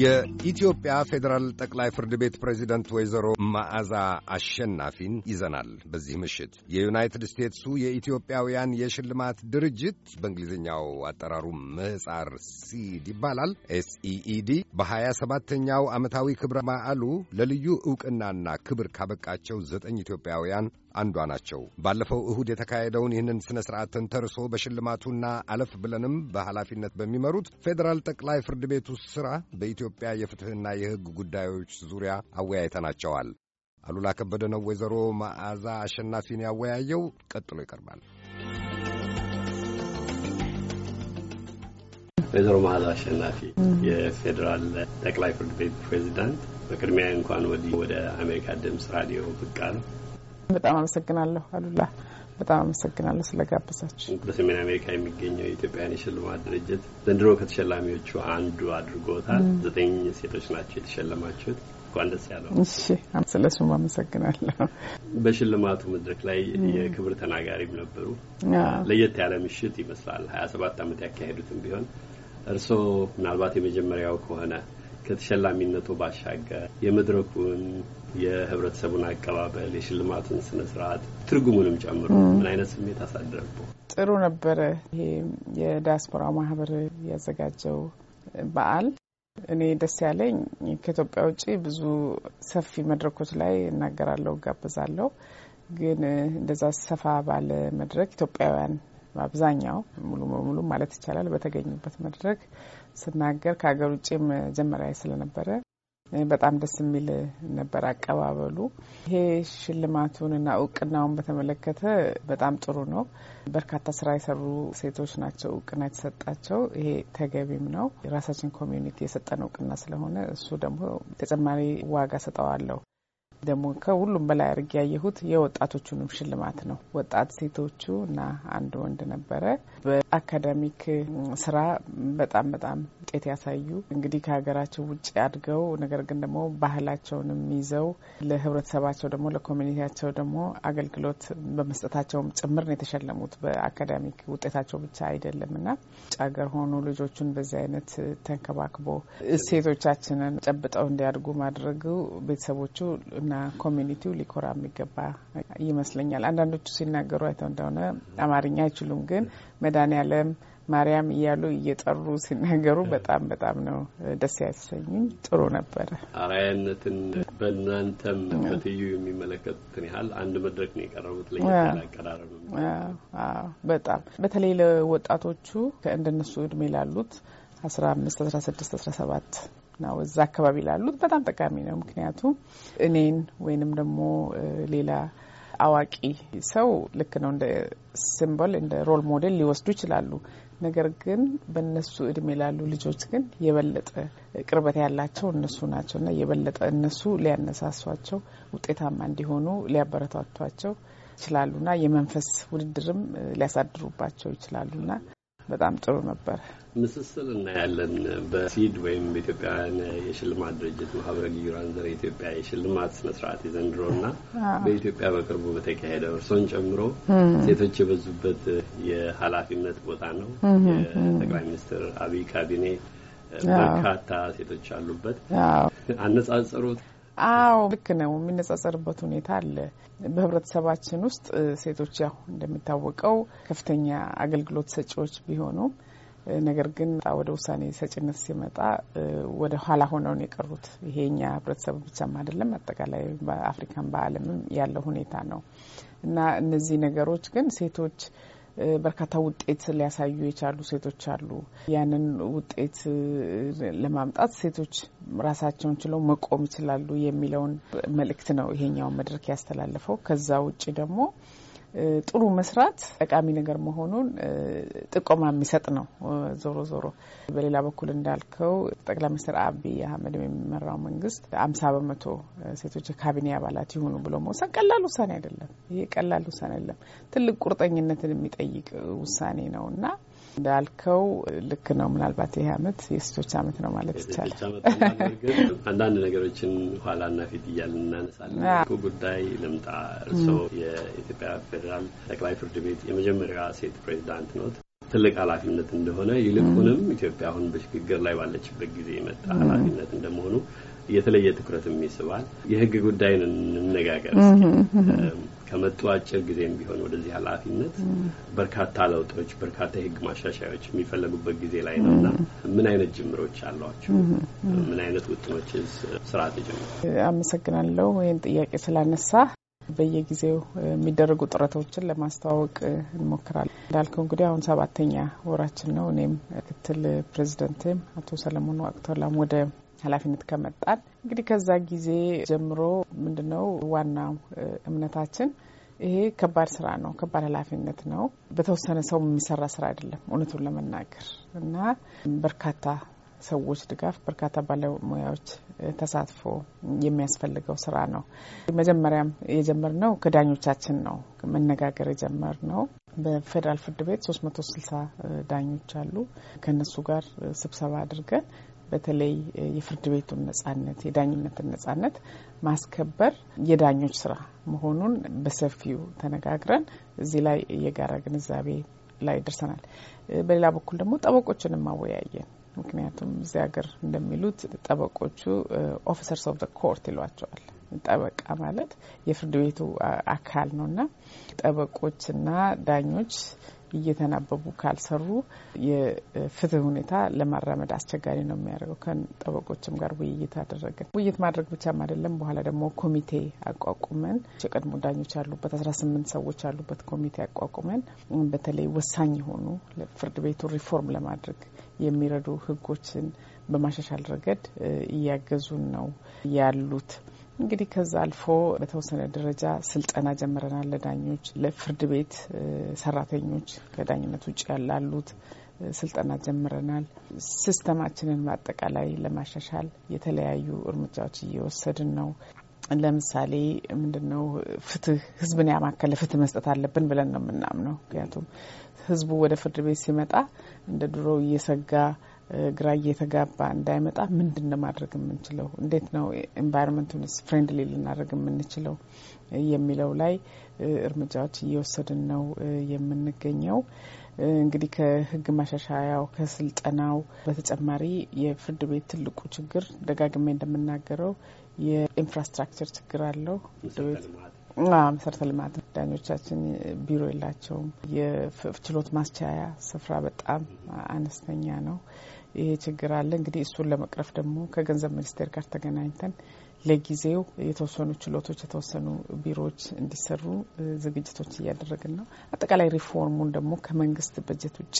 የኢትዮጵያ ፌዴራል ጠቅላይ ፍርድ ቤት ፕሬዚደንት ወይዘሮ መዓዛ አሸናፊን ይዘናል። በዚህ ምሽት የዩናይትድ ስቴትሱ የኢትዮጵያውያን የሽልማት ድርጅት በእንግሊዝኛው አጠራሩ ምህፃር ሲድ ይባላል ኤስኢኢዲ በሀያ ሰባተኛው ዓመታዊ ክብረ በዓሉ ለልዩ ዕውቅናና ክብር ካበቃቸው ዘጠኝ ኢትዮጵያውያን አንዷ ናቸው። ባለፈው እሁድ የተካሄደውን ይህንን ሥነ ሥርዓት ተንተርሶ በሽልማቱና አለፍ ብለንም በኃላፊነት በሚመሩት ፌዴራል ጠቅላይ ፍርድ ቤቱ ሥራ በኢትዮጵያ የፍትሕና የሕግ ጉዳዮች ዙሪያ አወያይተናቸዋል። አሉላ ከበደ ነው ወይዘሮ መዓዛ አሸናፊን ያወያየው። ቀጥሎ ይቀርባል። ወይዘሮ መዓዛ አሸናፊ የፌዴራል ጠቅላይ ፍርድ ቤት ፕሬዚዳንት፣ በቅድሚያ እንኳን ወዲህ ወደ አሜሪካ ድምፅ ራዲዮ ብቅ አሉ። በጣም አመሰግናለሁ አሉላ። በጣም አመሰግናለሁ ስለጋበዛችሁ። በሰሜን አሜሪካ የሚገኘው የኢትዮጵያን የሽልማት ድርጅት ዘንድሮ ከተሸላሚዎቹ አንዱ አድርጎታል። ዘጠኝ ሴቶች ናቸው የተሸለማችሁት። እንኳን ደስ ያለው። እሺ፣ ስለሱም አመሰግናለሁ። በሽልማቱ መድረክ ላይ የክብር ተናጋሪም ነበሩ። ለየት ያለ ምሽት ይመስላል። ሀያ ሰባት አመት ያካሄዱትም ቢሆን እርስዎ ምናልባት የመጀመሪያው ከሆነ ከተሸላሚነቱ ባሻገር የመድረኩን የህብረተሰቡን አቀባበል፣ የሽልማቱን ስነ ስርዓት ትርጉሙንም ጨምሮ ምን አይነት ስሜት አሳደረቦ? ጥሩ ነበረ። ይሄ የዲያስፖራ ማህበር ያዘጋጀው በዓል እኔ ደስ ያለኝ ከኢትዮጵያ ውጭ ብዙ ሰፊ መድረኮች ላይ እናገራለሁ፣ እጋብዛለሁ። ግን እንደዛ ሰፋ ባለ መድረክ ኢትዮጵያውያን በአብዛኛው ሙሉ በሙሉ ማለት ይቻላል በተገኙበት መድረክ ስናገር ከሀገር ውጭ መጀመሪያ ስለነበረ በጣም ደስ የሚል ነበር አቀባበሉ። ይሄ ሽልማቱን እና እውቅናውን በተመለከተ በጣም ጥሩ ነው። በርካታ ስራ የሰሩ ሴቶች ናቸው እውቅና የተሰጣቸው። ይሄ ተገቢም ነው። የራሳችን ኮሚዩኒቲ የሰጠን እውቅና ስለሆነ እሱ ደግሞ ተጨማሪ ዋጋ ሰጠዋለሁ። ደግሞ ከሁሉም በላይ አድርጌ ያየሁት የወጣቶቹንም ሽልማት ነው። ወጣት ሴቶቹ እና አንድ ወንድ ነበረ። በአካዳሚክ ስራ በጣም በጣም ውጤት ያሳዩ እንግዲህ ከሀገራቸው ውጭ አድገው ነገር ግን ደግሞ ባህላቸውንም ይዘው ለህብረተሰባቸው ደግሞ ለኮሚኒቲያቸው ደግሞ አገልግሎት በመስጠታቸውም ጭምር ነው የተሸለሙት። በአካዳሚክ ውጤታቸው ብቻ አይደለም እና ውጭ ሀገር ሆኖ ልጆቹን በዚህ አይነት ተንከባክቦ እሴቶቻችንን ጨብጠው እንዲያድጉ ማድረጉ ቤተሰቦቹ እና ኮሚኒቲው ሊኮራ የሚገባ ይመስለኛል። አንዳንዶቹ ሲናገሩ አይተው እንደሆነ አማርኛ አይችሉም፣ ግን መድኃኔዓለም ማርያም እያሉ እየጠሩ ሲናገሩ በጣም በጣም ነው ደስ ያሰኝኝ። ጥሩ ነበረ። አርአያነትን በእናንተም በትዩ የሚመለከቱትን ያህል አንድ መድረክ ነው የቀረቡት። ለየት አቀራረብ በጣም በተለይ ለወጣቶቹ ከእንደነሱ እድሜ ላሉት አስራ አምስት አስራ ስድስት አስራ ሰባት ነው እዛ አካባቢ ላሉት በጣም ጠቃሚ ነው። ምክንያቱም እኔን ወይንም ደግሞ ሌላ አዋቂ ሰው ልክ ነው እንደ ሲምቦል እንደ ሮል ሞዴል ሊወስዱ ይችላሉ። ነገር ግን በእነሱ እድሜ ላሉ ልጆች ግን የበለጠ ቅርበት ያላቸው እነሱ ናቸው እና የበለጠ እነሱ ሊያነሳሷቸው ውጤታማ እንዲሆኑ ሊያበረታቷቸው ይችላሉና የመንፈስ ውድድርም ሊያሳድሩባቸው ይችላሉና በጣም ጥሩ ነበር። ምስስል እናያለን። በሲድ ወይም በኢትዮጵያውያን የሽልማት ድርጅት ማህበረ ጊዩራን ዘር የኢትዮጵያ የሽልማት ስነስርዓት የዘንድሮ እና በኢትዮጵያ በቅርቡ በተካሄደው እርሶን ጨምሮ ሴቶች የበዙበት የኃላፊነት ቦታ ነው። የጠቅላይ ሚኒስትር አብይ ካቢኔ በርካታ ሴቶች አሉበት። አነጻጸሩት። አዎ ልክ ነው። የሚነጻጸርበት ሁኔታ አለ። በህብረተሰባችን ውስጥ ሴቶች ያው እንደሚታወቀው ከፍተኛ አገልግሎት ሰጪዎች ቢሆኑም ነገር ግን ወደ ውሳኔ ሰጭነት ሲመጣ ወደ ኋላ ሆነው ነው የቀሩት። ይሄ እኛ ህብረተሰቡ ብቻም አይደለም፣ አጠቃላይ በአፍሪካን በዓለምም ያለው ሁኔታ ነው እና እነዚህ ነገሮች ግን ሴቶች በርካታ ውጤት ሊያሳዩ የቻሉ ሴቶች አሉ። ያንን ውጤት ለማምጣት ሴቶች ራሳቸውን ችለው መቆም ይችላሉ የሚለውን መልእክት ነው ይሄኛውን መድረክ ያስተላለፈው። ከዛ ውጭ ደግሞ ጥሩ መስራት ጠቃሚ ነገር መሆኑን ጥቆማ የሚሰጥ ነው። ዞሮ ዞሮ በሌላ በኩል እንዳልከው ጠቅላይ ሚኒስትር አብይ አህመድ የሚመራው መንግስት አምሳ በመቶ ሴቶች የካቢኔ አባላት ይሁኑ ብሎ መውሰን ቀላል ውሳኔ አይደለም። ይሄ ቀላል ውሳኔ አይደለም። ትልቅ ቁርጠኝነትን የሚጠይቅ ውሳኔ ነው እና እንዳልከው ልክ ነው። ምናልባት ይሄ አመት የሴቶች አመት ነው ማለት ይቻላል። አንዳንድ ነገሮችን ኋላና ፊት እያልን እናነሳለን። ጉዳይ ልምጣ። እርስዎ የኢትዮጵያ ፌዴራል ጠቅላይ ፍርድ ቤት የመጀመሪያ ሴት ፕሬዚዳንት ኖት። ትልቅ ኃላፊነት እንደሆነ ይልቁንም ኢትዮጵያ አሁን በሽግግር ላይ ባለችበት ጊዜ የመጣ ኃላፊነት እንደመሆኑ የተለየ ትኩረትም ይስባል። የህግ ጉዳይን እንነጋገር ከመጡ አጭር ጊዜም ቢሆን ወደዚህ ኃላፊነት በርካታ ለውጦች፣ በርካታ የህግ ማሻሻያዎች የሚፈለጉበት ጊዜ ላይ ነው እና ምን አይነት ጅምሮች አሏቸው? ምን አይነት ውጥኖች ስራ ተጀምሩ? አመሰግናለሁ ይህን ጥያቄ ስላነሳ በየጊዜው የሚደረጉ ጥረቶችን ለማስተዋወቅ እንሞክራለን። እንዳልከው እንግዲህ አሁን ሰባተኛ ወራችን ነው። እኔም ምክትል ፕሬዚደንትም አቶ ሰለሞን ዋቅቶላም ወደ ኃላፊነት ከመጣን እንግዲህ ከዛ ጊዜ ጀምሮ ምንድነው ዋናው እምነታችን ይሄ ከባድ ስራ ነው፣ ከባድ ኃላፊነት ነው። በተወሰነ ሰው የሚሰራ ስራ አይደለም እውነቱን ለመናገር እና በርካታ ሰዎች ድጋፍ፣ በርካታ ባለሙያዎች ተሳትፎ የሚያስፈልገው ስራ ነው። መጀመሪያም የጀመርነው ከዳኞቻችን ነው መነጋገር የጀመርነው። በፌዴራል ፍርድ ቤት ስልሳ ዳኞች አሉ። ከነሱ ጋር ስብሰባ አድርገን በተለይ የፍርድ ቤቱን ነጻነት፣ የዳኝነትን ነጻነት ማስከበር የዳኞች ስራ መሆኑን በሰፊው ተነጋግረን እዚህ ላይ የጋራ ግንዛቤ ላይ ደርሰናል። በሌላ በኩል ደግሞ ጠበቆችን ማወያየን ምክንያቱም እዚህ ሀገር እንደሚሉት ጠበቆቹ ኦፊሰርስ ኦፍ ዘ ኮርት ይሏቸዋል። ጠበቃ ማለት የፍርድ ቤቱ አካል እና ጠበቆችና ዳኞች እየተናበቡ ካልሰሩ የፍትህ ሁኔታ ለማራመድ አስቸጋሪ ነው የሚያደርገው። ከጠበቆችም ጋር ውይይት አደረግን። ውይይት ማድረግ ብቻም አይደለም። በኋላ ደግሞ ኮሚቴ አቋቁመን የቀድሞ ዳኞች ያሉበት አስራ ስምንት ሰዎች ያሉበት ኮሚቴ አቋቁመን በተለይ ወሳኝ የሆኑ ፍርድ ቤቱ ሪፎርም ለማድረግ የሚረዱ ህጎችን በማሻሻል ረገድ እያገዙን ነው ያሉት። እንግዲህ ከዛ አልፎ በተወሰነ ደረጃ ስልጠና ጀምረናል። ለዳኞች፣ ለፍርድ ቤት ሰራተኞች፣ ከዳኝነት ውጭ ያላሉት ስልጠና ጀምረናል። ሲስተማችንን ማጠቃላይ ለማሻሻል የተለያዩ እርምጃዎች እየወሰድን ነው። ለምሳሌ ምንድነው ፍትህ ህዝብን ያማከለ ፍትህ መስጠት አለብን ብለን ነው የምናምነው። ምክንያቱም ህዝቡ ወደ ፍርድ ቤት ሲመጣ እንደ ድሮ እየሰጋ ግራ እየተጋባ እንዳይመጣ ምንድን ነው ማድረግ የምንችለው? እንዴት ነው ኤንቫይሮንመንቱን ፍሬንድሊ ልናደርግ የምንችለው የሚለው ላይ እርምጃዎች እየወሰድን ነው የምንገኘው። እንግዲህ ከህግ ማሻሻያው ከስልጠናው በተጨማሪ የፍርድ ቤት ትልቁ ችግር ደጋግሜ እንደምናገረው የኢንፍራስትራክቸር ችግር አለው። መሰረተ ልማት ዳኞቻችን ቢሮ የላቸውም። የችሎት ማስቻያ ስፍራ በጣም አነስተኛ ነው። ይሄ ችግር አለ። እንግዲህ እሱን ለመቅረፍ ደግሞ ከገንዘብ ሚኒስቴር ጋር ተገናኝተን ለጊዜው የተወሰኑ ችሎቶች የተወሰኑ ቢሮዎች እንዲሰሩ ዝግጅቶች እያደረግን ነው። አጠቃላይ ሪፎርሙን ደግሞ ከመንግስት በጀት ውጭ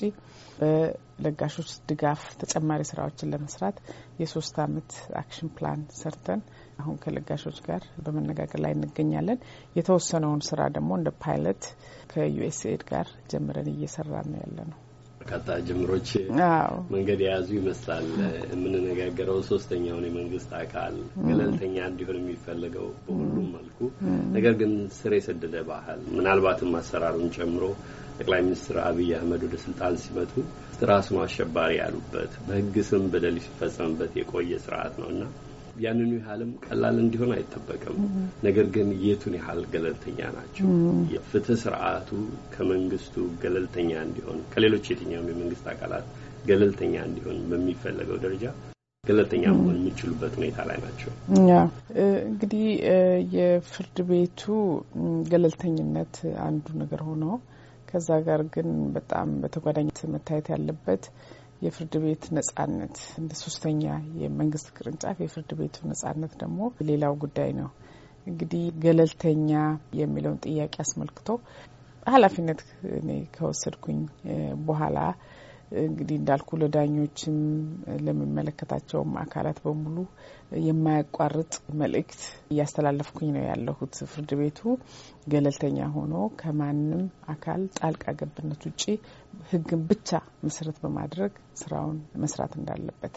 በለጋሾች ድጋፍ ተጨማሪ ስራዎችን ለመስራት የሶስት አመት አክሽን ፕላን ሰርተን አሁን ከለጋሾች ጋር በመነጋገር ላይ እንገኛለን። የተወሰነውን ስራ ደግሞ እንደ ፓይለት ከዩኤስኤድ ጋር ጀምረን እየሰራ ነው ያለ ነው። በርካታ ጅምሮች መንገድ የያዙ ይመስላል። የምንነጋገረው ሶስተኛውን የመንግስት አካል ገለልተኛ እንዲሆን የሚፈለገው በሁሉም መልኩ ነገር ግን ስር የሰደደ ባህል ምናልባትም አሰራሩን ጨምሮ ጠቅላይ ሚኒስትር አብይ አህመድ ወደ ስልጣን ሲመጡ ራሱን አሸባሪ ያሉበት በህግ ስም በደል ሲፈጸምበት የቆየ ስርዓት ነው እና ያንኑ ያህልም ቀላል እንዲሆን አይጠበቅም። ነገር ግን የቱን ያህል ገለልተኛ ናቸው? የፍትህ ስርዓቱ ከመንግስቱ ገለልተኛ እንዲሆን ከሌሎች የትኛውም የመንግስት አካላት ገለልተኛ እንዲሆን በሚፈለገው ደረጃ ገለልተኛ መሆን የሚችሉበት ሁኔታ ላይ ናቸው። እንግዲህ የፍርድ ቤቱ ገለልተኝነት አንዱ ነገር ሆኖ ከዛ ጋር ግን በጣም በተጓዳኝ መታየት ያለበት የፍርድ ቤት ነጻነት እንደ ሶስተኛ የመንግስት ቅርንጫፍ የፍርድ ቤቱ ነጻነት ደግሞ ሌላው ጉዳይ ነው። እንግዲህ ገለልተኛ የሚለውን ጥያቄ አስመልክቶ ኃላፊነት እኔ ከወሰድኩኝ በኋላ እንግዲህ እንዳልኩ ለዳኞችም ለሚመለከታቸውም አካላት በሙሉ የማያቋርጥ መልእክት እያስተላለፍኩኝ ነው ያለሁት። ፍርድ ቤቱ ገለልተኛ ሆኖ ከማንም አካል ጣልቃ ገብነት ውጪ ሕግን ብቻ መሰረት በማድረግ ስራውን መስራት እንዳለበት።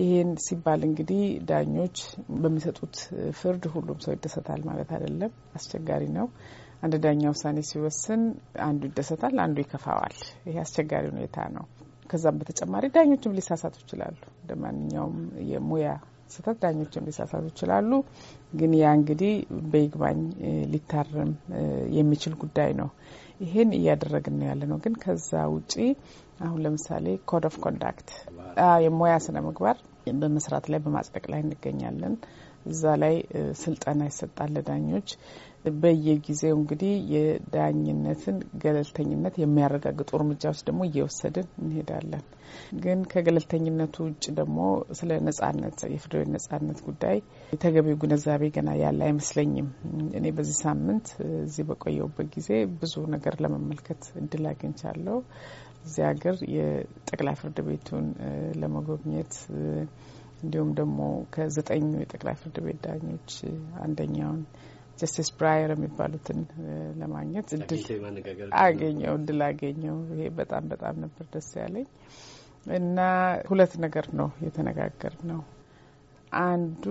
ይህን ሲባል እንግዲህ ዳኞች በሚሰጡት ፍርድ ሁሉም ሰው ይደሰታል ማለት አይደለም። አስቸጋሪ ነው። አንድ ዳኛ ውሳኔ ሲወስን አንዱ ይደሰታል፣ አንዱ ይከፋዋል። ይሄ አስቸጋሪ ሁኔታ ነው። ከዛም በተጨማሪ ዳኞችም ሊሳሳቱ ይችላሉ። እንደ ማንኛውም የሙያ ስህተት ዳኞችም ሊሳሳቱ ይችላሉ። ግን ያ እንግዲህ በይግባኝ ሊታረም የሚችል ጉዳይ ነው። ይሄን እያደረግን ነው ያለ ነው። ግን ከዛ ውጪ አሁን ለምሳሌ ኮድ ኦፍ ኮንዳክት የሙያ ስነ ምግባር በመስራት ላይ በማጽደቅ ላይ እንገኛለን። እዛ ላይ ስልጠና ይሰጣል ለዳኞች። በየጊዜው እንግዲህ የዳኝነትን ገለልተኝነት የሚያረጋግጡ እርምጃዎች ደግሞ እየወሰድን እንሄዳለን። ግን ከገለልተኝነቱ ውጭ ደግሞ ስለ ነጻነት የፍርድ ቤት ነጻነት ጉዳይ የተገቢው ግንዛቤ ገና ያለ አይመስለኝም። እኔ በዚህ ሳምንት እዚህ በቆየውበት ጊዜ ብዙ ነገር ለመመልከት እድል አግኝቻለሁ። እዚህ ሀገር የጠቅላይ ፍርድ ቤቱን ለመጎብኘት እንዲሁም ደግሞ ከዘጠኙ የጠቅላይ ፍርድ ቤት ዳኞች አንደኛውን ጀስቲስ ብራየር የሚባሉትን ለማግኘት እድል አገኘው እድል አገኘው። ይሄ በጣም በጣም ነበር ደስ ያለኝ እና ሁለት ነገር ነው የተነጋገር ነው። አንዱ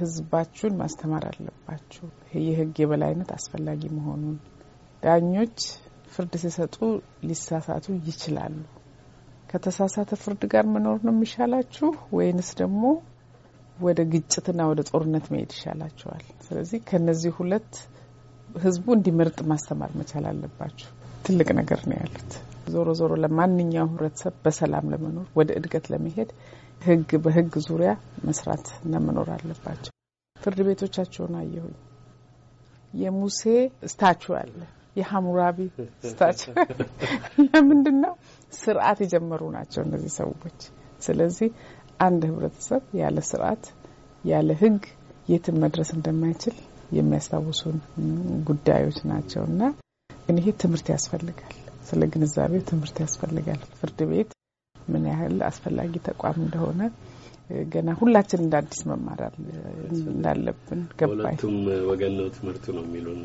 ህዝባችሁን ማስተማር አለባችሁ የህግ የበላይነት አስፈላጊ መሆኑን፣ ዳኞች ፍርድ ሲሰጡ ሊሳሳቱ ይችላሉ። ከተሳሳተ ፍርድ ጋር መኖር ነው የሚሻላችሁ ወይንስ ደግሞ ወደ ግጭትና ወደ ጦርነት መሄድ ይሻላቸዋል። ስለዚህ ከነዚህ ሁለት ህዝቡ እንዲመርጥ ማስተማር መቻል አለባቸው። ትልቅ ነገር ነው ያሉት። ዞሮ ዞሮ ለማንኛውም ህብረተሰብ በሰላም ለመኖር ወደ እድገት ለመሄድ ህግ በህግ ዙሪያ መስራትና መኖር አለባቸው። ፍርድ ቤቶቻቸውን አየሁኝ። የሙሴ ስታቹ አለ፣ የሀሙራቢ ስታቹ። ለምንድን ነው ስርዓት የጀመሩ ናቸው እነዚህ ሰዎች። ስለዚህ አንድ ህብረተሰብ ያለ ስርዓት ያለ ህግ የትም መድረስ እንደማይችል የሚያስታውሱን ጉዳዮች ናቸው እና ግን ይሄ ትምህርት ያስፈልጋል። ስለ ግንዛቤ ትምህርት ያስፈልጋል። ፍርድ ቤት ምን ያህል አስፈላጊ ተቋም እንደሆነ ገና ሁላችን እንደ አዲስ መማር እንዳለብን ገባኝ። ሁለቱም ወገን ነው ትምህርቱ ነው የሚሉን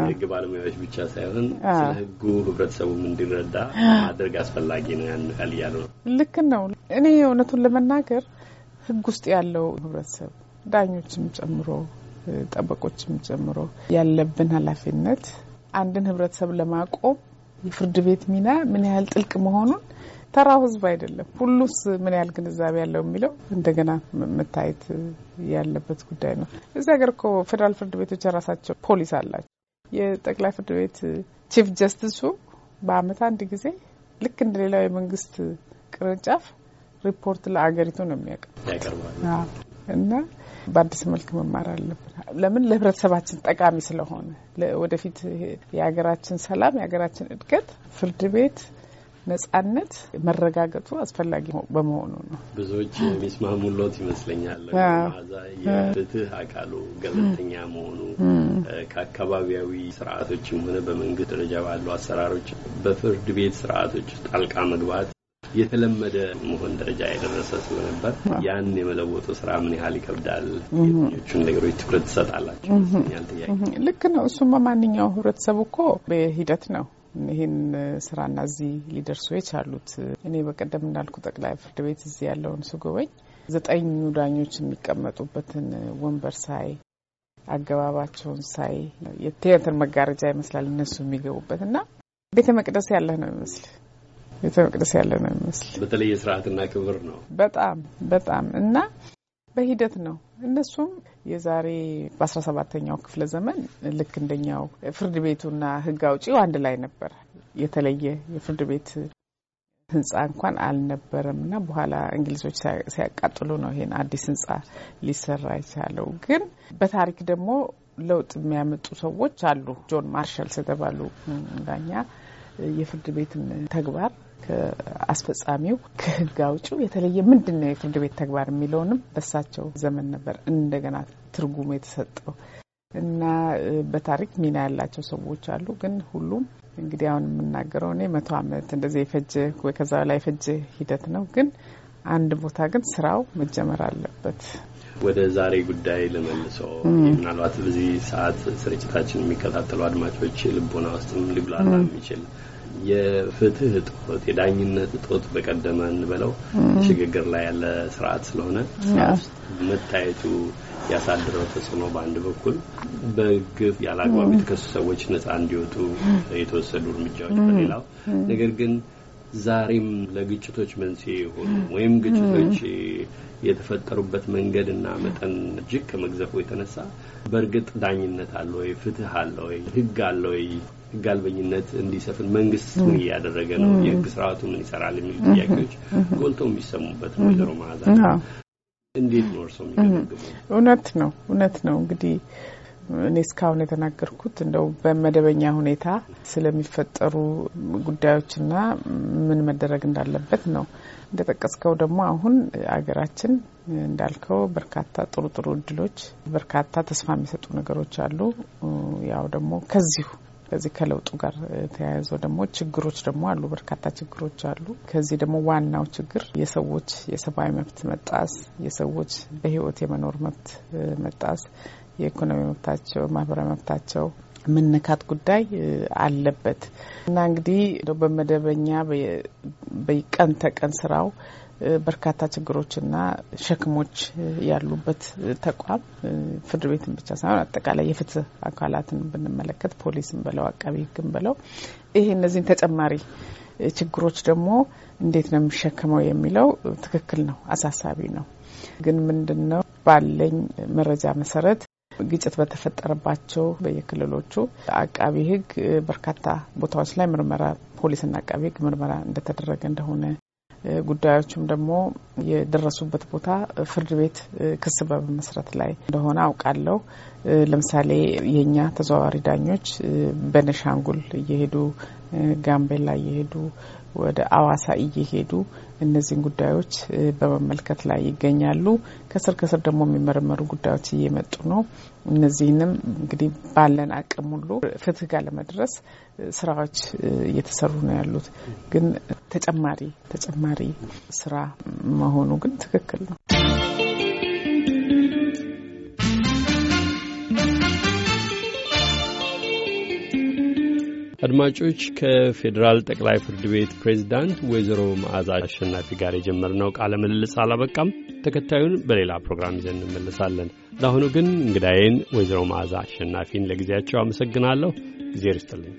የህግ ባለሙያዎች ብቻ ሳይሆን ስለ ህጉ ህብረተሰቡም እንዲረዳ ማድረግ አስፈላጊ ነው። ያን ያህል እያሉ ነው። ልክ ነው። እኔ እውነቱን ለመናገር ህግ ውስጥ ያለው ህብረተሰብ ዳኞችም ጨምሮ ጠበቆችም ጨምሮ ያለብን ኃላፊነት አንድን ህብረተሰብ ለማቆም የፍርድ ቤት ሚና ምን ያህል ጥልቅ መሆኑን ተራው ህዝብ አይደለም ሁሉስ ምን ያህል ግንዛቤ ያለው የሚለው እንደገና መታየት ያለበት ጉዳይ ነው። እዚህ ሀገር እኮ ፌዴራል ፍርድ ቤቶች የራሳቸው ፖሊስ አላቸው። የጠቅላይ ፍርድ ቤት ቺፍ ጀስቲሱ በአመት አንድ ጊዜ ልክ እንደሌላው የመንግስት ቅርንጫፍ ሪፖርት ለአገሪቱ ነው የሚያቀርበው እና በአዲስ መልክ መማር አለብን። ለምን ለህብረተሰባችን ጠቃሚ ስለሆነ ወደፊት የሀገራችን ሰላም፣ የሀገራችን እድገት፣ ፍርድ ቤት ነጻነት መረጋገጡ አስፈላጊ በመሆኑ ነው። ብዙዎች የሚስማሙሎት ይመስለኛል። ዛ የፍትህ አካሉ ገለልተኛ መሆኑ ከአካባቢያዊ ስርዓቶችም ሆነ በመንግስት ደረጃ ባሉ አሰራሮች በፍርድ ቤት ስርዓቶች ጣልቃ መግባት የተለመደ መሆን ደረጃ የደረሰ ስለነበር ያን የመለወጡ ስራ ምን ያህል ይከብዳል? የትኞቹን ነገሮች ትኩረት ትሰጣላቸው? ልክ ነው። እሱም በማንኛው ህብረተሰቡ እኮ በሂደት ነው ይህን ስራና እዚህ ሊደርሱ የቻሉት። እኔ በቀደም እንዳልኩ ጠቅላይ ፍርድ ቤት እዚህ ያለውን ስጎበኝ ዘጠኙ ዳኞች የሚቀመጡበትን ወንበር ሳይ አገባባቸውን ሳይ የትያትር መጋረጃ ይመስላል እነሱ የሚገቡበት እና ቤተ መቅደስ ያለህ ነው ይመስል ቤተ መቅደስ ያለ ነው የሚመስል በተለየ ስርዓትና ክብር ነው በጣም በጣም እና በሂደት ነው እነሱም የዛሬ በአስራ ሰባተኛው ክፍለ ዘመን ልክ እንደኛው ፍርድ ቤቱና ህግ አውጪው አንድ ላይ ነበር። የተለየ የፍርድ ቤት ህንፃ እንኳን አልነበረም እና በኋላ እንግሊዞች ሲያቃጥሉ ነው ይሄን አዲስ ህንፃ ሊሰራ የቻለው። ግን በታሪክ ደግሞ ለውጥ የሚያመጡ ሰዎች አሉ። ጆን ማርሻል የተባሉ ዳኛ የፍርድ ቤትን ተግባር ከአስፈጻሚው ከህግ አውጪው የተለየ ምንድን ነው የፍርድ ቤት ተግባር የሚለውንም በሳቸው ዘመን ነበር እንደገና ትርጉሙ የተሰጠው እና በታሪክ ሚና ያላቸው ሰዎች አሉ። ግን ሁሉም እንግዲህ አሁን የምናገረው እኔ መቶ አመት እንደዚህ የፈጀ ወይ ከዛ ላይ የፈጀ ሂደት ነው። ግን አንድ ቦታ ግን ስራው መጀመር አለበት። ወደ ዛሬ ጉዳይ ለመልሰው ምናልባት በዚህ ሰዓት ስርጭታችን የሚከታተሉ አድማጮች ልቦና ውስጥም ሊብላላ የሚችል የፍትህ እጦት የዳኝነት እጦት በቀደመ እንበለው ሽግግር ላይ ያለ ስርዓት ስለሆነ መታየቱ ያሳድረው ተጽዕኖ በአንድ በኩል በግፍ ያላግባብ የተከሱ ሰዎች ነጻ እንዲወጡ የተወሰዱ እርምጃዎች፣ በሌላው ነገር ግን ዛሬም ለግጭቶች መንስኤ የሆኑ ወይም ግጭቶች የተፈጠሩበት መንገድ እና መጠን እጅግ ከመግዘፉ የተነሳ በእርግጥ ዳኝነት አለ ወይ? ፍትህ አለ ወይ? ህግ አለ ወይ? ህግ አልበኝነት እንዲሰፍን መንግስት ምን እያደረገ ነው፣ የህግ ስርዓቱ ምን ይሰራል የሚሉ ጥያቄዎች ጎልተው የሚሰሙበት ነው። ወይዘሮ መዓዛ እንዴት ነው እርስዎ የሚገመግሙ? እውነት ነው እውነት ነው እንግዲህ እኔ እስካሁን የተናገርኩት እንደው በመደበኛ ሁኔታ ስለሚፈጠሩ ጉዳዮችና ምን መደረግ እንዳለበት ነው። እንደጠቀስከው ደግሞ አሁን አገራችን እንዳልከው በርካታ ጥሩ ጥሩ እድሎች፣ በርካታ ተስፋ የሚሰጡ ነገሮች አሉ። ያው ደግሞ ከዚሁ ከዚህ ከለውጡ ጋር ተያይዞ ደግሞ ችግሮች ደግሞ አሉ፣ በርካታ ችግሮች አሉ። ከዚህ ደግሞ ዋናው ችግር የሰዎች የሰብአዊ መብት መጣስ፣ የሰዎች በህይወት የመኖር መብት መጣስ፣ የኢኮኖሚ መብታቸው፣ ማህበራዊ መብታቸው መነካት ጉዳይ አለበት እና እንግዲህ በመደበኛ በቀን ተቀን ስራው በርካታ ችግሮችና ሸክሞች ያሉበት ተቋም ፍርድ ቤትን ብቻ ሳይሆን አጠቃላይ የፍትህ አካላትን ብንመለከት ፖሊስን ብለው አቃቢ ህግን ብለው ይሄ እነዚህን ተጨማሪ ችግሮች ደግሞ እንዴት ነው የሚሸክመው የሚለው ትክክል ነው፣ አሳሳቢ ነው። ግን ምንድን ነው ባለኝ መረጃ መሰረት ግጭት በተፈጠረባቸው በየክልሎቹ አቃቢ ህግ በርካታ ቦታዎች ላይ ምርመራ ፖሊስና አቃቢ ህግ ምርመራ እንደተደረገ እንደሆነ ጉዳዮችም ደግሞ የደረሱበት ቦታ ፍርድ ቤት ክስ በመመስረት ላይ እንደሆነ አውቃለሁ። ለምሳሌ የእኛ ተዘዋዋሪ ዳኞች በነሻንጉል እየሄዱ ጋምቤላ እየሄዱ ወደ አዋሳ እየሄዱ እነዚህን ጉዳዮች በመመልከት ላይ ይገኛሉ። ከስር ከስር ደግሞ የሚመረመሩ ጉዳዮች እየመጡ ነው። እነዚህንም እንግዲህ ባለን አቅም ሁሉ ፍትህ ጋር ለመድረስ ስራዎች እየተሰሩ ነው ያሉት። ግን ተጨማሪ ተጨማሪ ስራ መሆኑ ግን ትክክል ነው። አድማጮች ከፌዴራል ጠቅላይ ፍርድ ቤት ፕሬዚዳንት ወይዘሮ መዓዛ አሸናፊ ጋር የጀመርነው ቃለ ምልልስ አላበቃም። ተከታዩን በሌላ ፕሮግራም ይዘን እንመለሳለን። ለአሁኑ ግን እንግዳዬን ወይዘሮ መዓዛ አሸናፊን ለጊዜያቸው አመሰግናለሁ። እግዜር ይስጥልኝ።